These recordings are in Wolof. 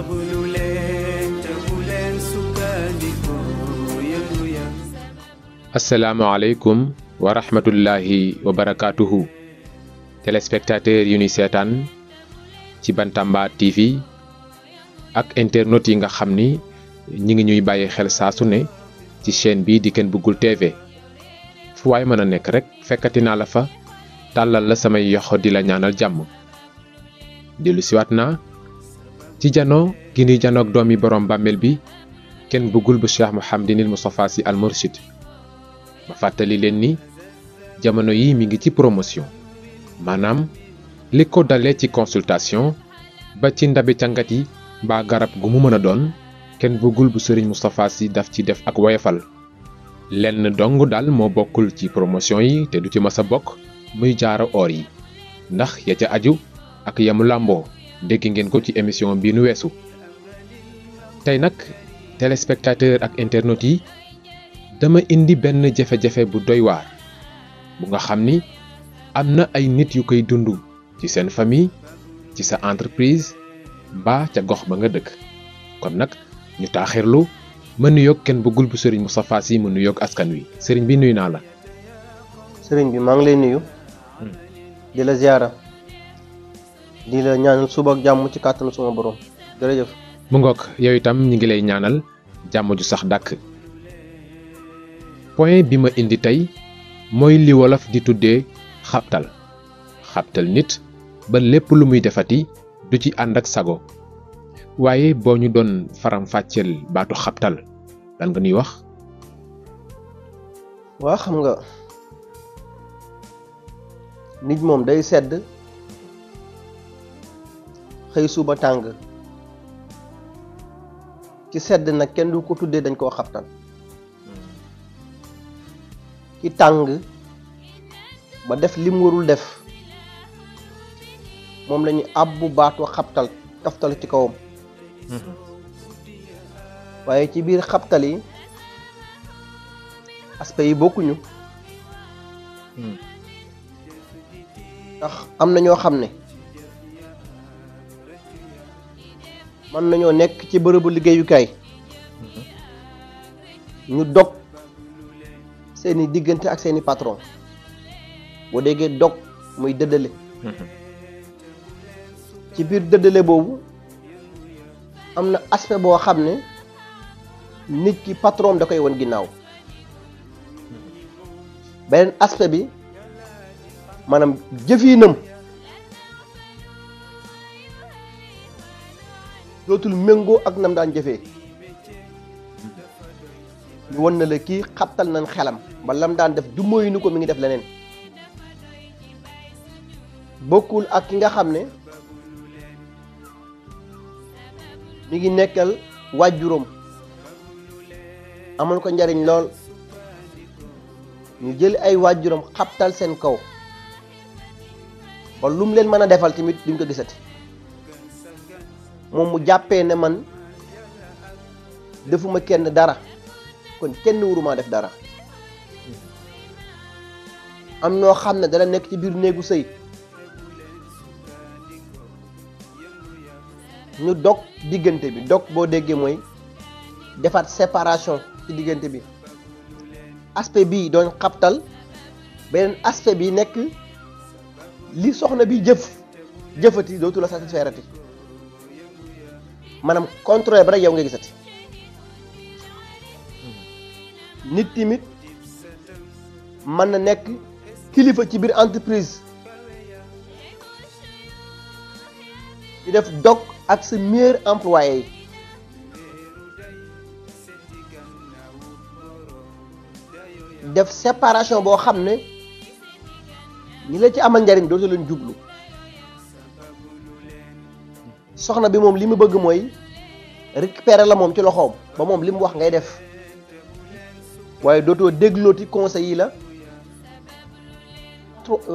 Ya Assalamualaikum warahmatullahi wa rahmatullahi wa barakaatuhu téléspectateurs yu ni seetaan ci Bantamba TV ak internautes yi nga xamni ñi ngi ñuy baye xel sa su ne ci chaîne bi di Ken bugul TV fu way mëna nek rek fekkati na la fa tàllal la samay yoxo di la ñaanal jamm. Delu ci watna ci jano gi jano janok doomi borom bammel bi ken bugul bu cheikh mohammedine mustafa si al mursid ma fatali len ni jamono yi mi ngi ci promotion manam li ko dalé ci consultation ba ci ndabi tangati ba garab gu mu mën a doon bu serigne mustafa si daf ci def ak woyefal len dongu dal mo bokul ci promotion yi te du ci masa bok muy jaara or yi ndax ya ca aju ak yamu lambo dégg ngeen ko ci émission bi nu weesu tey nag téléspectateur ak internet yi dama indi benn jafe-jafe bu doy waar bu nga xam ni am na ay nit yu koy dund ci seen famille ci sa entreprise ba ca gox ba nga dëkk kon nag ñu taaxirlu mën nuyoog kenn bëggul bu sëriñ Moustapha si mu nuyoog askan wi sëriñ bi nuyu naa la sëriñ bi maa ngi lay nuyu hmm. di la ziara di la ñaanal suba ak jamm ci katan suma borom jërëjëf mu ngok yow itam ñi ngi lay ñaanal jamm ju sax dak point bima indi tay moy li wolof di tuddé xaptal xaptal nit ba lepp lu muy defati du ci ànd ak sago waaye bo ñu don faram faccel baatu xaptal lan nga ñuy wax waa xam nga nit mom day sedd xëy suba tàng ci sedd na kenn du ko tuddee dañ koo xabtal ci tàng ba def lim warul def moom la ñu àbbu baatu xabtal taftal ci kawam waaye ci biir xabtal yi aspect yi bokkuñu hmm. ndax am na ñoo xam ne mën nañoo nekk ci bërëbu liggéeyukaay mm-hmm. ñu dog seeni diggante ak seeni patron boo déggee dog muy dëddale mm-hmm. ci biir dëddale boobu am na aspect boo xam ne nit ki patron da koy won ginnaaw mm-hmm. beneen aspect bi maanaam jëfinam dootul méngoo ak nam daan jëfee ñu won na la kii xattal nañ xelam ba lam daan def du moyu ni ko mi ngi def leneen bokkul ak ki nga xam ne mi ngi nekkal waajuram amal ko njariñ lool ñu jël ay waajuram xaptal seen kaw ba lu leen mën a defal tamit duñ ko gisati moom mu jàppee ne man defuma kenn dara kon kenn waruma def dara am noo xam ne dala nekk ci biir néegu sëy ñu dog diggante bi dog boo déggee mooy defaat separation ci diggante bi aspect bii doon xabtal beneen aspect bi nekk li soxna bi jëf jëfati dootu la satisfaire ati manam kontrol ba rek yow nga gisati nit timit man na nek kilifa ci bir entreprise di def dog ak sa meilleur employé def séparation bo xamné ni la ci amal do la leen djublu soxna bi moom li mu bëgg mooy récupérer la moom ci loxoom ba moom li mu wax ngay def waaye dootoo déglooti conseil yi la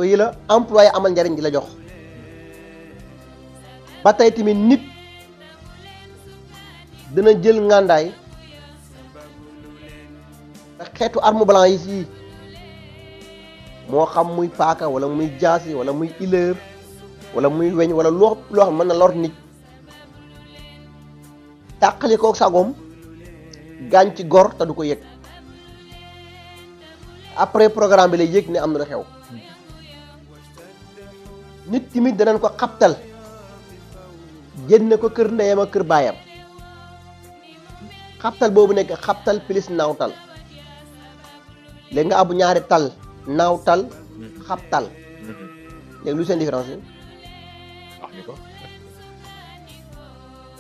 yi la employé amal njariñ di la jox ba tey tamit nit dana jël ngàndaay xeetu arme blanc yi moo xam muy paaka wala muy jaasi wala muy ileer wala muy weñ wala loo loo xam mën na lor nit tàqali ko sagoom gaañ ci gor te du ko yëg après programme bi lay yëg ne am na xew nit timit danañ ko xaptal génne ko kër ndeyam ak kër baayam xaptal boobu nekk xaptal pilis naawtal léegi nga abu ñaari tal naawtal hmm. xaptal hmm. léegi lu seen différence ah,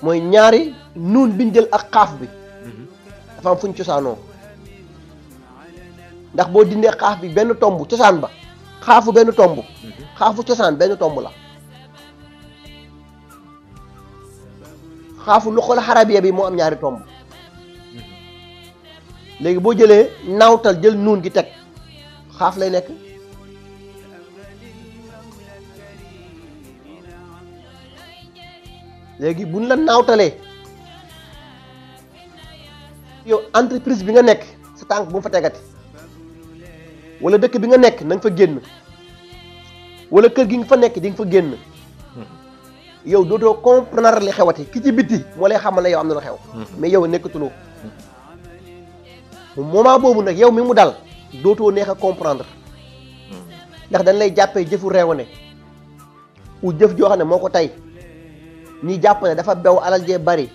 mooy ñaari nuun biñ jël ak xaaf bi mhm. dafa am fuñ cosaanoo ndax boo dindee xaaf bi benn tomb cosaan ba xaafu benn tomb mhm. xaafu cosaan benn tomb la xaafu lu xool xarabiya bi moo am ñaari tomb mhm. léegi boo jëlee nawtal jël nuun gi teg xaaf lay nekk léegi buñ la naawtalee yow entreprise bi nga nekk sa tànk bu mu fa tegati wala dëkk bi nga nekk na nga fa génn wala kër gi nga fa nekk di nga fa génn yow dootoo comprendre li xewati ki ci bitti moo lay xamal ne yow am na la xew hmm. mais yow nekkatuloo hmm. moment boobu nag yow mi mu dal dootoo neex a comprendre hmm. ndax dañ lay jàppee jëfu réewane u jëf joo xam ne moo ko tey ñi jàpp ne dafa bew alal jee bari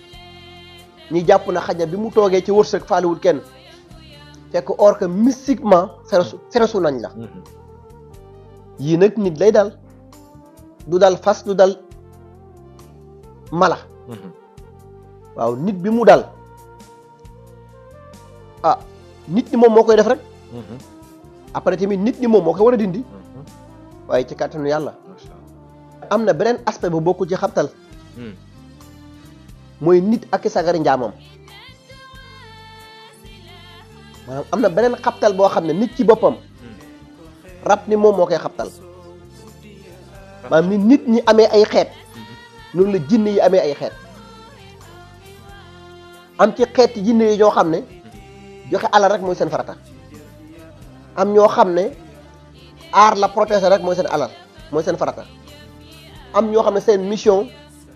ñi jàpp ne xaj na bi mu toogee ci wërsëg faaliwul kenn fekk or que mystiquement feresu nañ la mhm. yii nag nit lay dal du dal fas du dal mala mhm. waaw nit bi mu dal ah nit ñi moom moo koy def rek mhm. après tamit nit ñi moom moo koy war a dindi waaye ci kàttanu yàlla am na beneen aspect boo bokku ci xabtal Hmm. mooy nit ak sagari njaamam maanaam am na beneen xabtal boo xam ne nit ci boppam hmm. rab ni moom moo koy xabtal maanaam ni nit ñi amee ay xeet loolu hmm. la jinne yi amee ay xeet am ci xeet jinne yi ñoo xam ne joxe alal rek mooy seen farata am ñoo xam ne aar la protéger rek mooy seen alal mooy seen farata am ñoo xam ne seen mission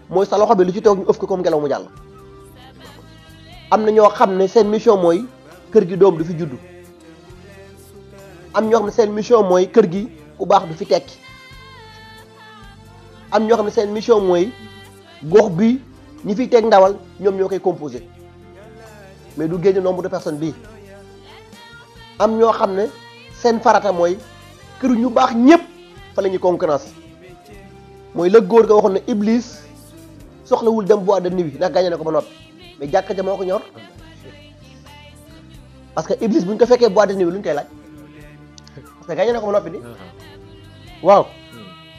mooy sa loxo bi lu ci toog ñu ëf ko comme ngelaw mu jàll am na ñoo xam ne seen mission mooy kër gi doom du fi juddu am ñoo xam ne seen mission mooy kër gi ku baax du fi tekki am ñoo xam seen mission mooy gox bi ñi fi teg ndawal ñoom ñoo koy composé mais du génne nombre de personnes bii am ñoo xam ne seen farata mooy kër ñu baax ñëpp fa la ñuy concurrence mooy la góor ga waxoon ne Iblis. soxlawul dem boîte de nuit ndax gagné na ko ba noppi mais jàkka moo ko ñor parce que Iblis buñ ko fekkee boîte de nuit lu ñu koy laaj parce que gagné na ko ba noppi ni waaw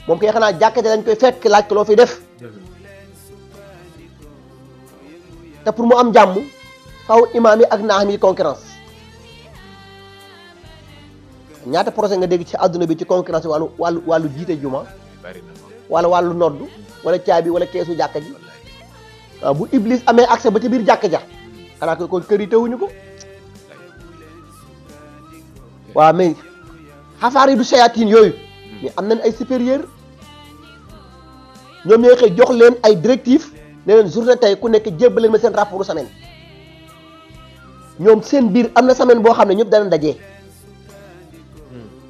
moom kay xanaa jàkka ja dañ koy fekk laaj ko loo fi def te pour mu am jàmm faw imaam yi ak naam yi concurrence ñaata projet nga dégg ci àdduna bi ci concurrence wàllu wàllu wàllu jiite juma wala wàllu noddu wala caabi wala keesu jàkka ji waaw bu Iblis amee accès ba ca biir jàkk ja xanaa ko kon kër yi tawuñu ko waaw mais xafaar yi du sayaatin yooyu mais am nañ ay supérieur ñoom ñooy xëy jox leen ay directive ne leen journée tey ku nekk jébbal ma seen rapport semaine seen biir am na semaine boo xam ne ñëpp dana dajee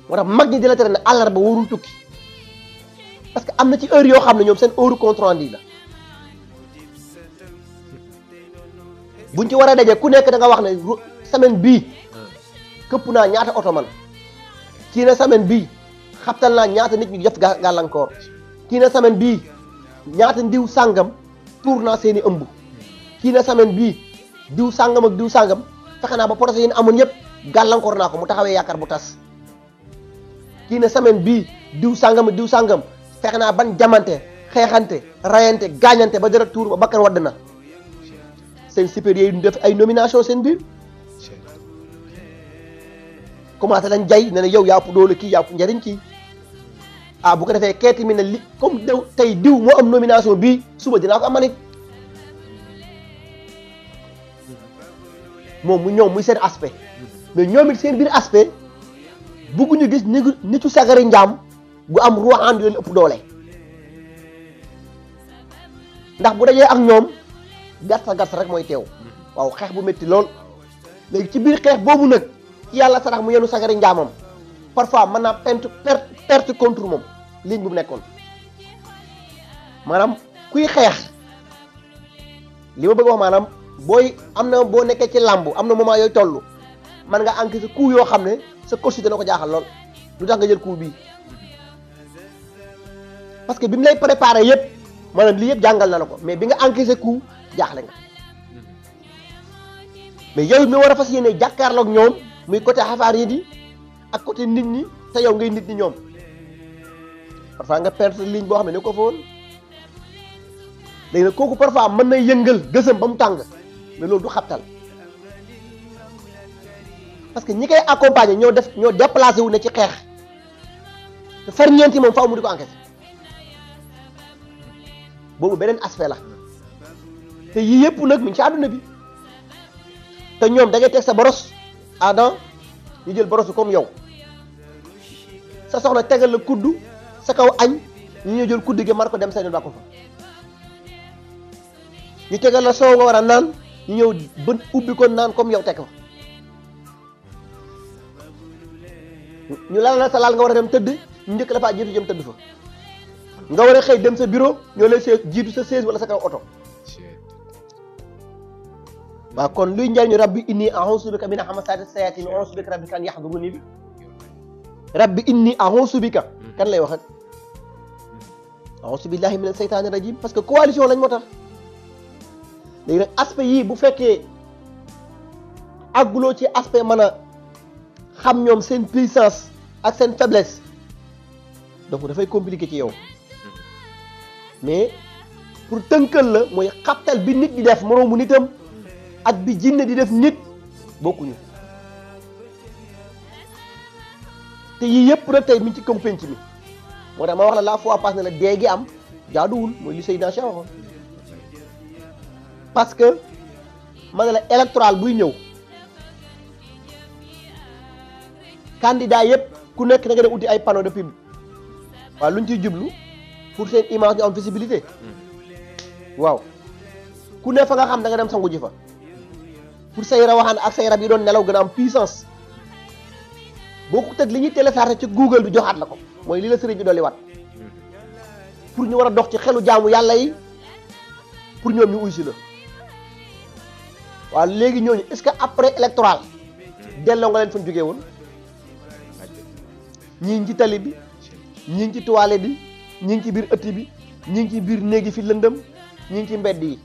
moo tax mag ñi di la tere ne àllarba warul tukki parce que am na ci heure yoo xam ne ñoom seen heure compte rendu la buñ ci war a dajee ku nekk da nga wax ne semaine bii këpp naa ñaata oto man kii na semaine bii xabtal naa ñaata nit ñu jot gàllankoor kii na semaine bii ñaata ndiw sàngam tuur naa seeni ëmb kii na semaine bi diw sàngam ak diw sàngam fexe naa ba projet yi amoon yëpp gàllankoor naa ko mu taxawee yaakaar bu tas kii na semaine bi diw sàngam ak diw sàngam xeex naa jamante xeexante rayante gaañante ba dara tuur ba bakkan wadd na seen supérieur yi def ay nomination seen biir commencé lañ jay yow yaa doole kii yaa ëpp njariñ kii ah bu ko defee keeti li comme daw tey diw moo am nomination bii suba dinaa ko am manit moom mu ñoom muy seen aspect mais ñoom it seen biir aspect bugguñu gis nitu sagari njaam bu am ruuxaan di len upp doole ndax bu dajé ak ñom gàtta gatt rek moy tew waaw xex bu metti lool léegi ci biir xex bobu nak ci yàlla sarax mu yelu sagari njaamam parfois man na pente perte contre mom ligne bu nekkon manam kuy xex li ma bëgg wax manam boy amna bo nekk ci lamb amna na moment yooyu toll man nga encaissé coup yo xamne sa coach ko jaxal lool lu tax nga jël coup bi parce que bi mu lay préparé yépp maanaam lii yépp jàngal na la ko mais bi nga encaissé coup jaaxle nga mais yow mi war a fas yéene jàkkaarloog ñoom muy côté xafaar yi di ak côté nit ñi te yow ngay nit ñi ñoom parfois nga perte ligne boo xam ne ne ko fa woon léegi nag kooku parfois mën na yëngal gësëm ba mu tàng mais loolu du xabtal parce que ñi koy accompagner ñoo def ñoo déplacé wu ne ci xeex te ferñeent yi moom faaw mu di ko encaissé boobu beneen aspect la te yii yëpp nag mu ngi ci àdduna bi te ñoom da ngay teg sa boros Adam ñu jël borosu comme yow sa soxna tegal la kudd sa kaw añ ñu ñuy jël kudd gi mar ko dem seen bàkku fa ñu tegal la soow nga war a naan ñu ñëw bën ubbi ko naan comme yow teg fa ñu laal la sa laal nga war a dem tëdd ñu njëkk la faa jiitu jëm tëdd fa nga war a xëy dem sa bureau ñoo lay see jiitu sa chaise wala sa kaw oto ba kon luy njariñu rabbi inni a'udhu bika min hamasaati sayaatin a'udhu bika rabbi kan yahduruni bi rabbi inni a'udhu bika hmm. kan lay wax ak a'udhu billahi min seytaani rajim parce que coalition lañ motax tax léegi aspect yi bu fekke àgguloo ci aspect mana xam ñom sen puissance ak sen faiblesse donc da fay compliquer ci yow mais pour tënkal la mooy xabtal bi nit di def moroomu nitam ak bi jinne di def nit bokkuñu te yii yëpp rek tey mi ci kaw penc mi moo tax ma wax la la fois passée ne la dee gi am jaaduwul mooy li Seydina Cheikh waxoon parce que ma la électoral buy ñëw candidat yëpp ku nekk da nga dem uti ay panneau de pub waaw lu ñu ciy jublu. pour sen image am visibilité hmm. waaw ku ne fa nga xam da nga dem sangu jifa pour say rawahan ak say rab yi don nelaw gëna am puissance boo ko li ci google du joxat lako moy li la sëriñ doli wat hmm. pour ñu wara dox ci xelu jaamu yalla yi pour ñom ñu uysi la wa léegi ñooñu est ce que après électoral hmm. delloo nga leen fa jógee won ñi ñi ci talib bi ñi ci toilette bi ñi ngi ci biir ëtt bi ñi ngi ci biir néegi fi lëndëm ñi ngi ci mbedd yi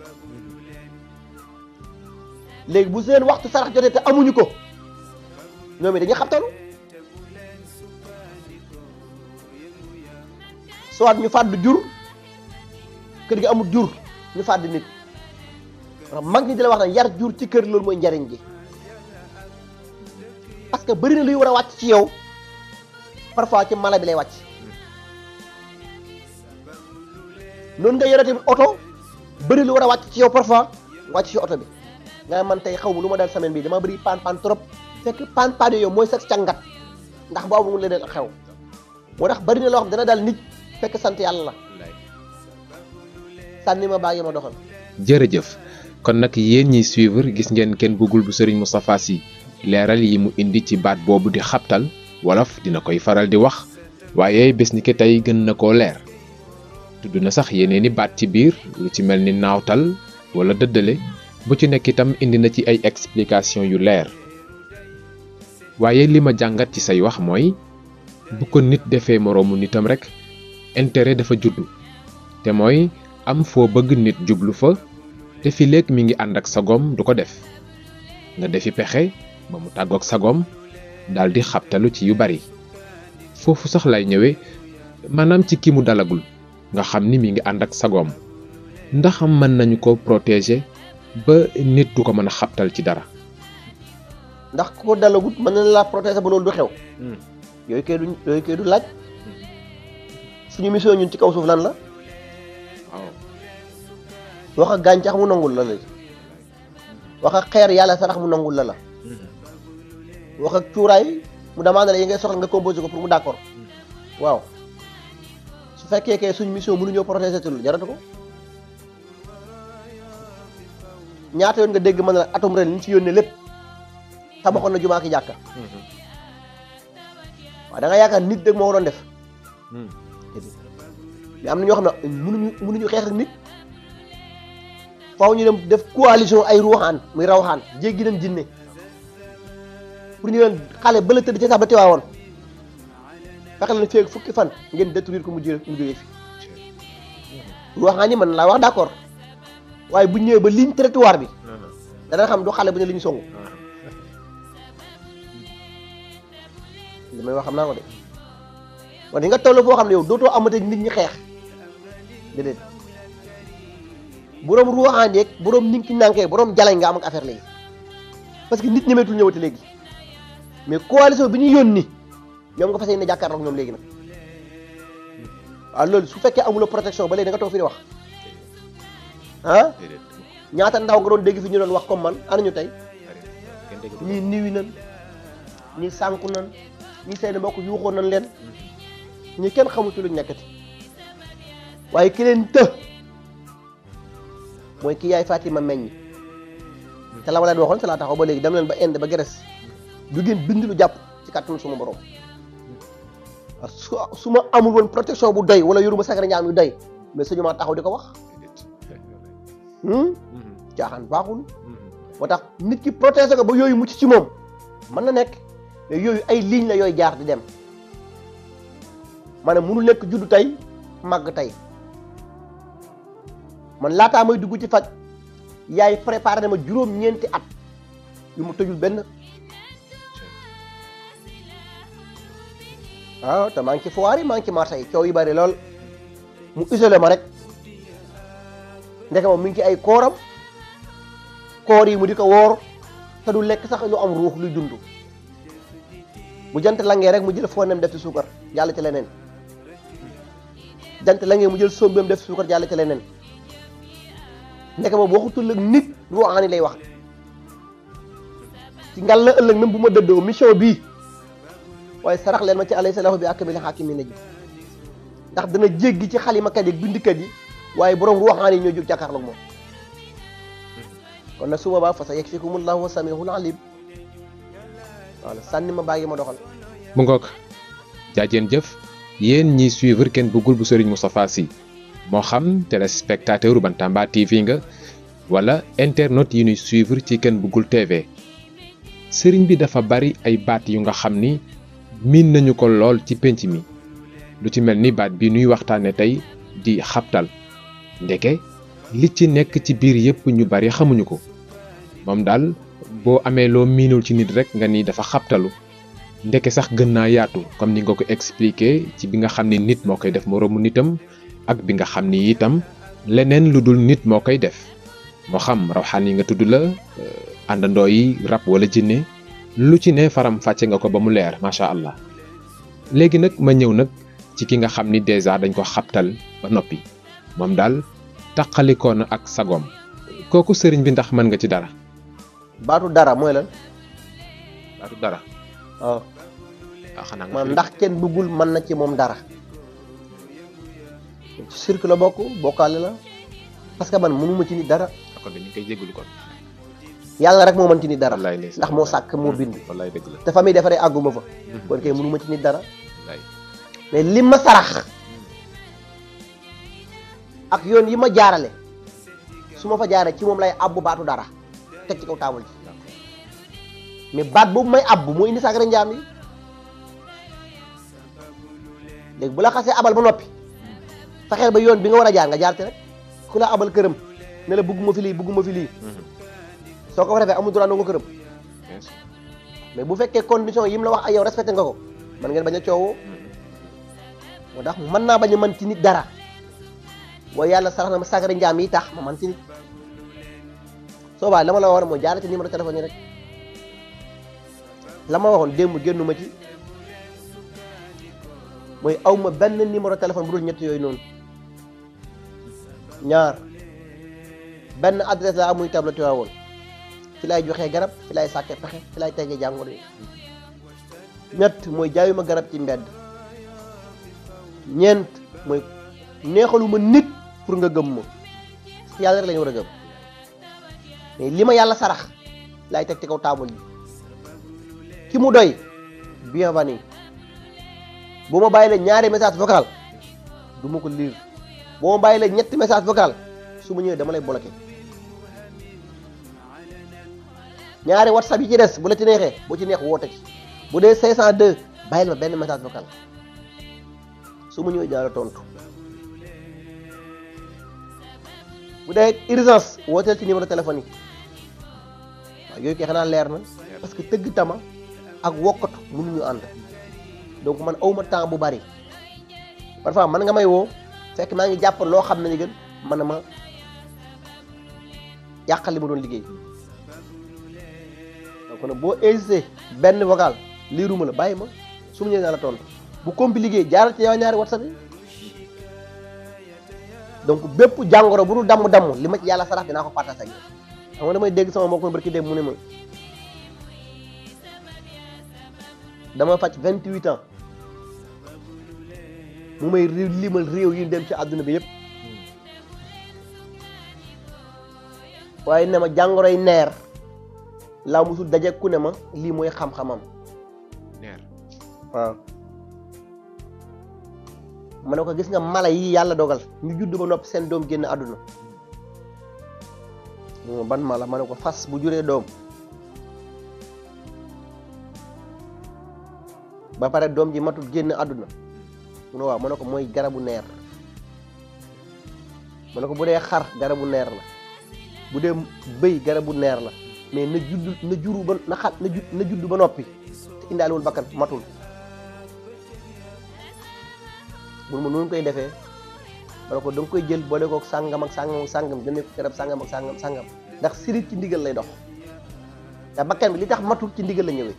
léegi bu seen waxtu sarax jotee te amuñu ko ñoom it dañuy xabtalu soit ñu fàdd jur kër gi amul jur ñu fàdd nit mag ñi di la wax nag yar jur ci kër loolu mooy njariñ gi parce que bëri na luy war a wàcc ci yow parfois ci mala bi lay wàcc non nga yorati auto, bëri lu wara wacc ci yow parfois wacc ci auto bi nga man tay xaw luma dal semaine bi dama bëri pan pan trop fekk pan pan yow moy sax càngat ndax boobu mu leen xew mo tax bëri na lo xam dana dal nit fekk sant yalla la sànni ma bàyyi ma doxal jërëjëf kon nak yeen ñi suivre gis ngeen bu serigne Moustapha si leeral yi mu indi ci baat bobu di xaptal wolof dina koy faral di wax waye bes ni ke tay gën na tudd na sax yeneeni baat ci biir lu ci melni nawtal wala dëddale bu ci nek itam indi na ci ay explication yu leer waye li ma ci say wax moy bu ko nit defé moroomu nitam rek intérêt dafa juddu te moy am fo bëgg nit jublu fa té fi lek mi ngi sagom du ko def nga defi pexé ba mu tagok sagom daldi xaptalu ci yu bari fofu sax lay ñëwé manam ci ki mu dalagul nga xamni mi ngi andak sagom ndax am man nañu ko protéger ba nit du ko mëna xaptal ci dara ndax ko dalagut man la protéger ba lolou du xew hmm. yoy ke du yoy ke du laaj suñu mission ñun ci kaw suuf lan la waxa gantax mu nangul la lay waxa xeer yalla sarax mu nangul la la hmm. waxa ak mu demande yi ngay soxla nga composé ko pour mu d'accord hmm. waaw fekke ke suñ mission mënu ñoo protéger tul loolu jaratu ko ñaata yon nga dégg man la atum ren liñ ci lepp lépp tabaxoon na juma ki jakka wa da nga yaakaar nit dëgg mo ko doon def hmm am na ñoo xam ne mënuñu mënuñu xeex ak nit faaw ñu dem def coalition ay ruhan muy rawhan jéggi nañ jinné pour ñu leen xalé bële tëdd ci sax ba teewaawoon fexal na fek fukki fan ngeen détruire ko mu jël mu jógee fi wax naa ni man la wax d'accord waye bu ñëw ba ligne territoire bi na xam du xalé bu ne li songu li wax xam naa ko de wala nga tollu foo xam yow doto amate nit ñi xex déedéet borom ruuxaan yeeg borom ninki nanké borom jalañ nga am ak affaire léegi parce que nit ñëmetul ñëwati légui mais coalition bi ñu yonni ñoom nga fas yéene jàkkaarloog ñoom léegi nag waaw loolu su fekkee amuloo protection ba léegi da nga toog fi di wax ah? ñaata ndaw nga doon dégg fi ñu doon wax comme man ana ñu tey ñii niwi nan ñii sànku nan ñii seen mbokk yuuxoo nan leen ñi kenn xamu ci luñ nekkati waaye ki leen të mooy ki yaay Fatima meññ te la ma leen waxoon sa laa taxaw ba léegi dem leen ba Inde ba Grèce du ngeen bind lu jàpp ci kàttanu suma borom parce que su ma amul woon protection bu doy wala yoruma sagara ñaam yu doy mais sañu maa taxaw di ko wax caaxaan baaxul mm-hmm. moo tax nit ki protéger ba yooyu mucc ci moom mën na nekk yooyu ay ligne la yooyu jaar di dem maanaam mënul nekk juddu tey màgg tey man laataa may dugg ci faj yaay préparé ma juróom-ñeenti at yu mu tëjul benn ah te maa ngi ci foire yi maa ngi ci yi coow yi bari lool mu isolé ma rek ndeke moom mi ngi ci ay kooram koor yi mu di ko woor te du lekk sax lu am ruux luy dund bu jant langee rek mu jël fooneem def ci suukar jàll ci leneen jant langee mu jël sombeem def ci suukar jàll ci leneen ndeke moom tu ak nit ruuxaani lay wax ci ngal la ëllëg même bu ma dëddoo mission bii. waye sarax len ma ci alayhi lahu bi akmil hakimin ji ndax dana jéggi ci khalima kadi bindikat yi waye borom ruhani ñu juk jóg mo kon na suba ba fa sa yakfikumullaahu wa samiihul aliim voilà sànni ma bàyyi ma doxal. mu ngok jaajeen jef yeen ñi suivre kenn bëggul bu Serigne mustafa si mo xam ban tamba TV nga wala internet yi ñuy suivre ci bugul teve. TV Serigne bi dafa bari ay baat yu nga xamni min nañu ko lool ci penc mi lu ci mel ni baat bi nuy waxtaane tey di xabtal ndeke li ci nekk ci biir yépp ñu bari xamuñu ko moom daal boo amee loo miinul ci nit rek nga ni dafa xabtalu ndeke sax gën naa yaatu comme ni nga ko expliqué ci bi nga xam nit moo koy def romu nitam ak bi nga xam ni itam leneen lu nit moo koy def moo xam rawxaan yi nga tudd la euh, àndandoo yi rab wala jinne lu ci ne faram fàcce nga ko ba mu leer allah léegi nak ma ñew nak ci ki nga xamni ni dañ ko xaptal ba nopi mom dal taqalikoo na ak sagom koku serigne bi ndax man nga ci dara baatu dara moy lan baatu dara oh ah xana nga ndax kenn duggul man na ci mom dara ci cirque la bokku bokale la parce que man mënuma ci ni dara ni jéggul ko yàlla rek moo mën ci nit dara ndax moo sàkk moo bind te fa muy defaree àgguma fa mhm. kon kay mënu ma ci nit dara mais li ma sarax mhm. ak yoon yi ma jaarale su ma fa jaaree ci moom lay abbu baatu dara teg ci kaw taabal ji mais baat boobu may abbu moo indi sàkkara njaam yi léegi bu la xasee abal ba noppi fexeel ba yoon bi nga war a jaar nga jaarte rek ku la abal këram ne la bëgguma fi lii bëgguma fi lii mhm. soo ko refee amul droit nangu këram mais bu fekkee condition yim la wax ak yow respecté nga ko man ngeen bañ a coowoo hmm. moo tax mën naa bañ a mën ci nit dara waaye yàlla sarax na ma sagari njaam yi tax ma mën ci nit soo baa la ma la war moo jaarale ci numéro téléphone yi rek la waxoon démb génnuma ci mooy aw ma benn numéro téléphone bu dul ñett yooyu noonu ñaar benn adresse la amuy table te waawoon ci laay joxe garab ci laay sàkkee pexe ci laay tegee jàngoro yi ñett mooy jaayuma garab ci mbedd ñeent mooy neexaluma nit pour nga gëmma ma yàlla rek la war a gëm mais li ma yàlla sarax laay teg ci kaw taabul yi ki mu doy bienvenue boo ma bàyyi la ñaari message vocal du ma ko lire bu ma bàyyi la ñetti message vocal su ma ñëwee dama lay bloqué ñaari whatsapp yi ci des bu la ci neexee bu ci neex woote ci bu dee 502 bàyyil ma benn message vocal su ma ñëwee jaara tontu bu dee urgence wooteel ci numéro téléphone yi waaw yooyu kay xanaa leer na parce que tëgg tama ak wokkatu mënuñu ànd donc man awma temps bu bari parfois man nga may woo fekk maa ngi jàpp loo xam ne ni gën man ma yàqal li ma doon liggéey. mu boo hésité benn vocal liiruma la bàyyi ma su ma ñëwee naa la tontu bu compliqué ñaari whatsapp yi donc bépp jàngoro bu dul damm damm li ma ci yàlla sarax dinaa ko partage ak yow xam nga damay dégg sama mbokk mi barki dem mu ne ma dama faj 28 ans mu may limal réew yi dem ci àdduna bi yëpp waaye ne ma jàngoroy neer. laa musul daje ku ne ma lii mooy xam-xamam. waaw. ma ne ko gis nga mala yi yàlla dogal ñu judd ba noppi seen doom génn àdduna. mu ban ma ne ko fas bu juree doom. ba doom ji matut génn àdduna. mu ne waaw ma ne ko mooy garabu neer. ma ne ko bu dee xar garabu neer la. bu dee bëy garabu neer la. mais na judd na juru ba na xat na judd ba nopi te indaalewul bakkan matul bu mu non koy defé ma ne ko da koy jël boole koog sàngam ak sangam ak sàngam jëndee ko garab sangam ak sangam sangam ndax sirit ci ndigal lay dox da bakkan bi li tax matul ci ndigal la ñëwé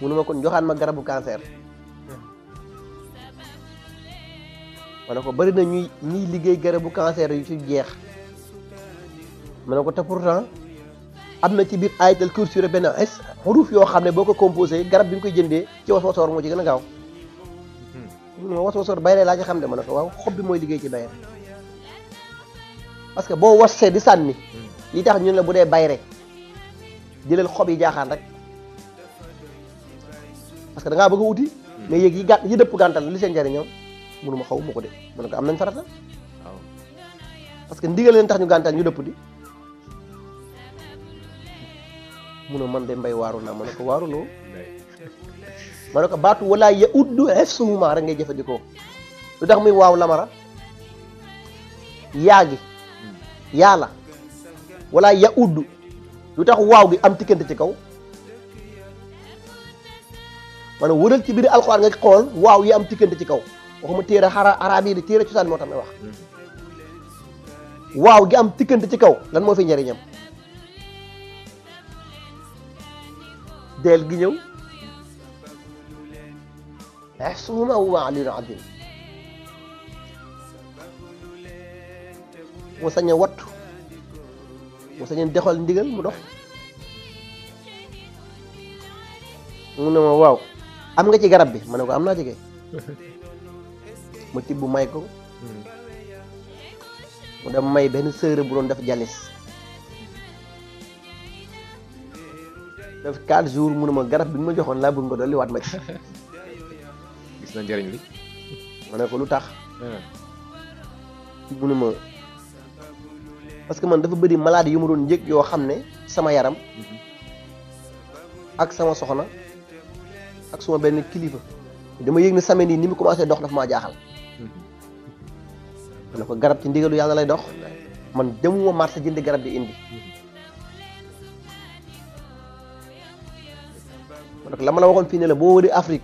mu ne ma kon joxaan ma garabu cancer wala ko bari na ñuy ñi liggéey garabu cancer yu ci jeex ma ne ko te pourtant am na ci biir ayatal kursi benn es xuruf yoo xam ne boo ko composé garab bi nga koy jëndee ci was wasoor moo ci gën a gaaw mo hmm. was wasoor bayre laa ci xam ne ma ne ko waaw xob bi mooy liggéey ci bayre parce que boo wassee di sànni hmm. li tax ñun la bu dee bayre jëlal xob yi jaaxaan rek parce que da ngaa bëgg a wuti hmm. mais yéeg yi gà yi dëpp gàntal li seen njëriñam mënuma xaw ma ko de ma ne ko am nañ farata parce que ndigal leen tax ñu gàntal ñu dëpp di mu ne man de mbay waaru naa ma ne ko waaruloo ma ne ko baatu wala ya uddu hifsuhuma rek ngay jëfandikoo lu tax muy waaw lamara yaa gi yaa la wala ya uddu lu tax waaw gi am tikkante ci kaw ma ne ci biir alxuraan nga xool waaw yi am tikkante ci kaw waxuma téere xara araab yi di téere cosaan moo tax may wax hmm. waaw gi am tikkante ci kaw lan moo fi njëriñam deel gi ñëw xesuhuma wa waaw am nga ci garab bi ma ne ko am naa ci kay ma tibb may ko hmm. mu dem may benn sëre bu doon def jalis def 4 jours mu garab bi nga ma joxoon laa bëgg nga dolli waat ma ci. gis na njëriñ li. ma ne ko lu tax. Ah. mu ne que man dafa bëri maladie yu ma doon yëg yoo xam ne sama yaram. ak sama soxna ak suma benn kilifa. dama yëg ne semaine yi ni mu commencé dox dafa ma jaaxal. Mm-hmm. ma ne ko garab ci ndigalu yàlla lay dox. man demuma marché jënd garab di indi. Mm-hmm. la ma la waxoon fii ne la boo wëree Afrique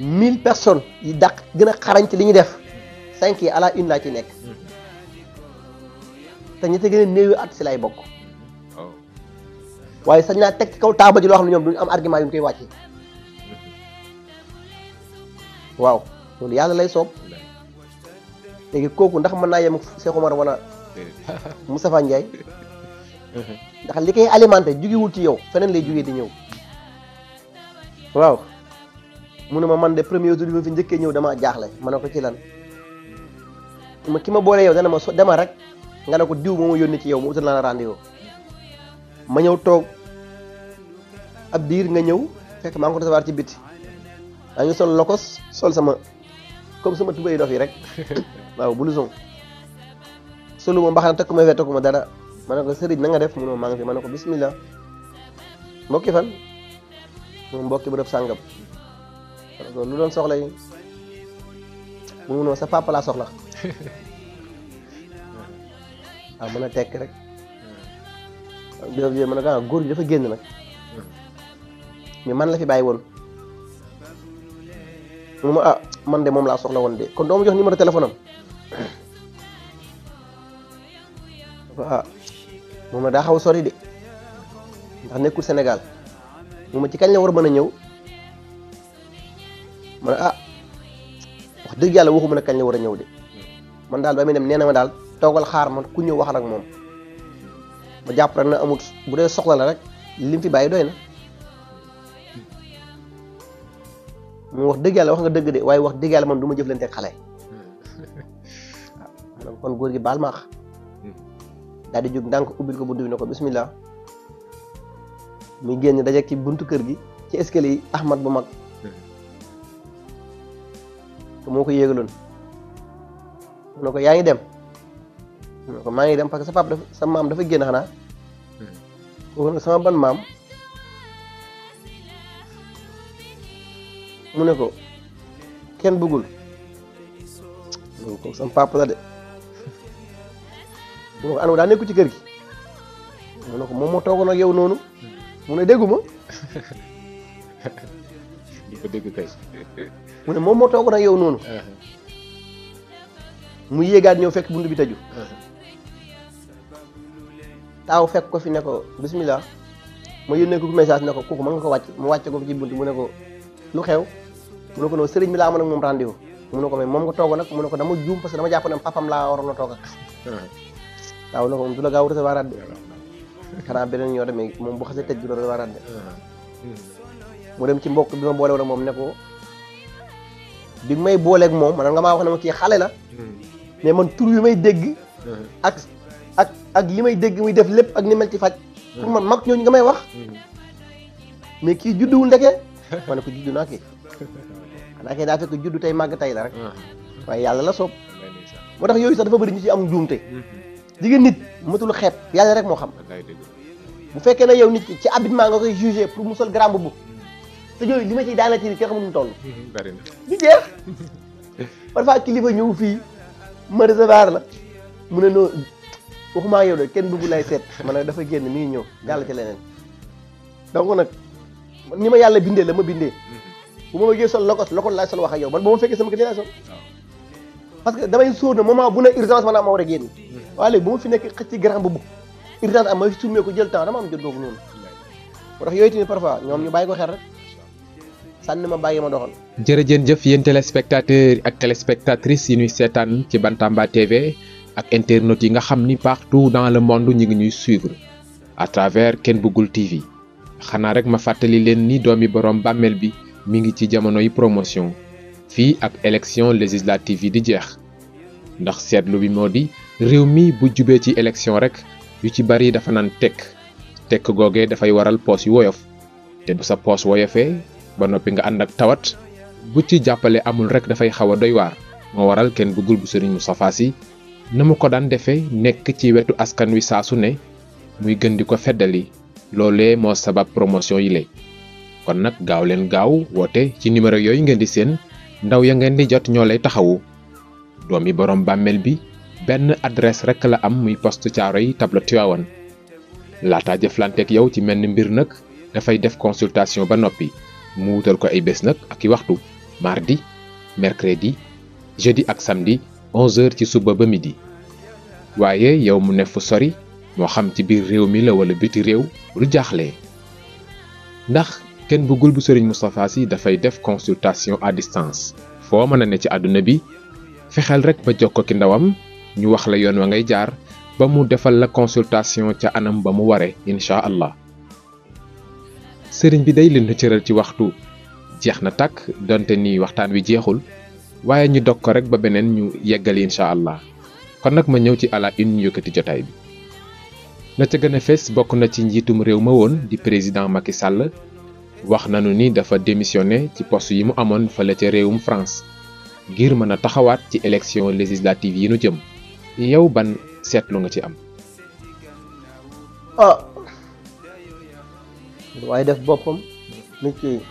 mille personnes yi dàq gën a xarañ ci li ñuy def cinq yi à la laa ci nekk te ñi ci gën a néewi at si lay bokk. waaye sañ naa teg ci kaw taaba ji loo xam ne ñoom duñu am argument yu ñu koy wàccee waaw loolu yàlla lay soob léegi kooku ndax mën naa yem Cheikh Omar wala Moustapha Ndiaye ndax li koy alimenté jugewul ci yow feneen lay jugee di ñëw. waaw mu ne ma man de premier jour bi ma njëkkee ñëw damaa jaaxle ma ne ko ci lan ma ki ma boole yow ma so dama rek nga ne ko diw moo ma yónni ci yaw mu utal naa la rendez-vous ma ñëw toog ab biir nga ñëw fekk maa ngi ko recevoir ci biti maa ngi sol lokos sol sama comme sama tubay dof yi rek waaw blouson solu ma mbaxana takku ma fee takku ma dara ma ne ko sëriñ na nga def mu ne maa ngi fi ma ne ko bismillah mbokki fan mu mbokki bërëb sàngam lu doon soxla yi mu noo sa papa laa soxla waaw ah, mën a tekk rek bërëb yooyu mën a gaaw góor dafa génn nag mais man la fi bàyyi woon mu ma ah man de moom laa soxla woon de kon doo ma jox numéro téléphone am ah mu ma daa xaw sori de ndax nekkul Sénégal mu ci kañ la war mëna ñëw man ah wax deug yalla waxuma na kañ la wara ñëw de man dal bamay dem neena ma dal togal xaar man ku ñëw wax ak mom ma japp rek na amut bu dé soxla la rek lim fi bayyi doyna mu wax deug yalla wax nga deug de way wax deug yalla man duma ma jëflante ak kon goor gi baal maax di jog dank ubil ko buntu bi ko bismillah mi génn dajak ci buntu kër gi ci escalier yi ahmad bu mag te moo ko yéegaloon mu ne ko yaa ngi dem mu ne ko maa ngi dem parce que sa pap dafa sa maam dafa génn xanaa kooku nag sama ban maam mu ne ko kenn bëggul mu ko sama pap la de mu ne ko anu daa nekku ci kër gi mu ne ko moom moo toogoon ak yow noonu mu ne déggu ma. dégg kay. ne moom moo toogoon ak yow noonu. Uh-huh. mu yéegaat ñëw fekk bunt bi tëju. Uh-huh. taaw fekk ko fi ne ko bismillah ma yónnee ko message ne ko kooku mën nga ko wàcc mu wàcc ko ci bunt mu ne ko lu xew mu ne ko noonu sëriñ bi laa amoon ak moom rendez-vous mu ne ko mais moom nga toogoon nag mu ne ko dama juum parce que dama jàpp ne papam laa waroon a toog ak. Uh-huh. taaw ne ko moom du la gaaw recevoir de. xanaa beneen ñoo deme moom bu xasee tëj bi loolu dafa raad ah. mu dem ci mbokk bi ma boole woon moom ne ko may booleeg moom maanaam nga maa wax ne ma kii xale la hmm. mais man tur yu may dégg hmm. ak li may dégg muy def lépp ak ni mel ci faj hmm. man mag ñooñu nga may wax mais kii judduwul ndeke ma ne naa kii xanaa kay daa fekk juddu tey màgg tey la rek ah. waaye yàlla la soob moo tax yooyu sax dafa bëri ñu ci am njuumte jigéen nit matul xeeb yàlla rek moo xam bu fekkee na yow nit ki ci habillement nga koy jugé pour mu sol grand boubou te yooyu li ma ciy daana ci ni kenn xamul mu toll di hmm, jeex ñëw fii ma la mu ne noo waxumaa yow de kenn bëggu lay seet man nag dafa génn mi ñëw jàll ci leneen donc nag ni ma yàlla bindee la ma bindee hmm. bu ma bëggee sol lokos lokos laay sol wax ak yow man ba ma fekkee sama kër lay sol parce que damay sóor na moment bu ne urgence man naa ma war a génn waaye bu ba ma fi nekk xëcc grand boobu irritant am may suumee ko jël temps dama am jot googu noonu moo tax yooyu tamit parfois ñoom ñu bàyyi ko xel rek sànni ma bàyyi ma doxal. jërëjëf jëf yéen téléspectateurs ak téléspectatrices yi ñuy seetaan ci Bantamba TV ak internet yi nga xam ni partout dans le monde ñu ngi ñuy suivre à travers Ken Bougoul TV xanaa rek ma fàttali leen ni doomi borom bàmmeel bi mi ngi ci jamono yi promotion fii ak élection législative yi di jeex ndax seetlu bi moo di. réew mi bu jubé ci élection rek yu ci bari dafa tek tek gogé da fay waral pos yu woyof té bu sa poos woyofé ba nopi nga andak tawat bu ci jappalé amul rek da fay xawa doy war mo waral kenn bu sëriñ Moustapha si ko dan défé nek ci wétu askan wi saa su muy gën diko fédali lolé mo sabab promotion yi lé kon nak gaaw len gaaw woté ci numéro yoy ngeen di sen ndaw ya ngeen di jot ñolay taxawu domi borom bammel bi benn adresse rekk la am muy poste Thiaroye table Tivaouane laataa jëflanteeg yow ci mel ni mbir nag dafay def consultation ba noppi mu wutal ko ay bés nag ak i waxtu mardi mercredi jeudi ak samedi 11h ci suba ba midi waaye yow mu ne fu sori moo xam ci biir réew mi la wala biti réew lu jaaxlee ndax kenn bëggul bu Serigne Moustapha Sy dafay def consultation à distance foo mën ne ci àdduna bi fexeel rek ba jokkoo ki ndawam. ñu wax la yoon wa ngay jaar ba mu defal la consultation ca anam ba mu waré insha allah sëriñ bi day leen cëral ci waxtu jeexna tak donte ni waxtaan wi jeexul waye ñu dog ko rek ba benen ñu yeggal insha allah kon nak ma ñëw ci ala une yëkëti jotaay bi na ca gëna fess bokku na ci njitum réew ma woon di président Macky Sall wax nañu ni dafa démissionné ci poste yi mu fa la ci réewum France ngir mëna taxawaat ci élection législative yi nu jëm yow ban seetlu nga ci am. ah waaye def boppam nit ki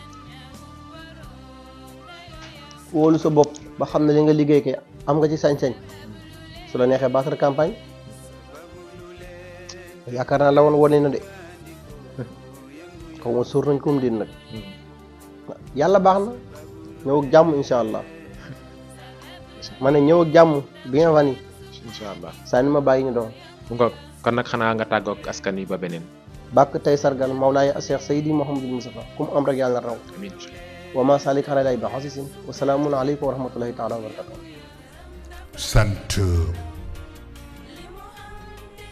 wóolu sa bopp ba xam ne li nga liggéey kay am nga ci sañ-sañ su la neexee battre campagne yaakaar naa la woon wane na de xaw ma suur nañ ko mu din yàlla baax na ñëw ak jàmm incha allah ma ne ñëw jàmm bi nga fa nii inshallah sani ma bayina do doon mu ngoog kon nag xanaa nga tàggoog askan wi ba benen bak tay sargal mawlaaya sayyidi sayidi bin mustafa kum am rek yalla ya raw amin wa ma salik ala lay hasisin wa salamun aleykum wa rahmatullahi taala wa barakatuh sante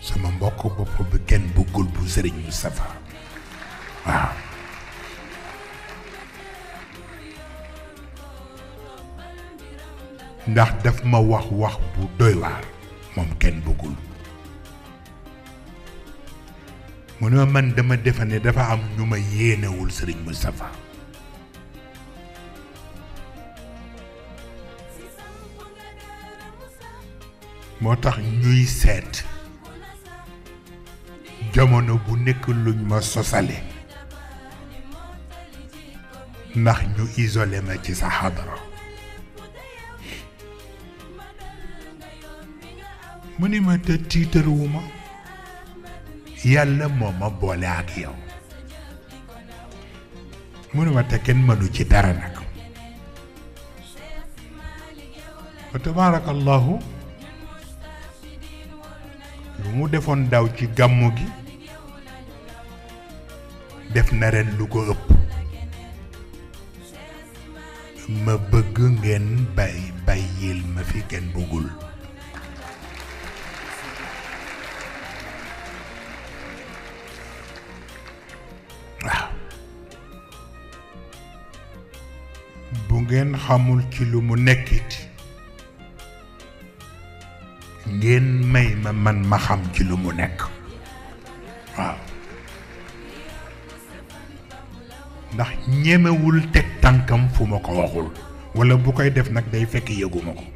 sama mbokk bu bi ah. bu bëggul bu serigne mustafa wa ndax daf ma wax wax bu doy war moom kenn bëggul mu ne man dama defe ne dafa am ñu ma yéenewul sëriñ safa moo tax ñuy seet jamono bu nekk luñ ma sosale ndax ñu isolé ci sa xadara mu ni ma te tiitar yàlla moo ma boole ak yow mu ni ma te kenn mënu ci dara nag wa mu defoon daw ci gàmmu gi def na ren lu ko ëpp ma bëgg ngeen bàyyil ma fi kenn bëggul bu ngeen xamul ci lu mu nekkit ngeen may ma man ma xam ci lu mu nekk ndax ñemewul teg tànkam fu ma ko waxul walla bu koy def nag day fekk yëguma ko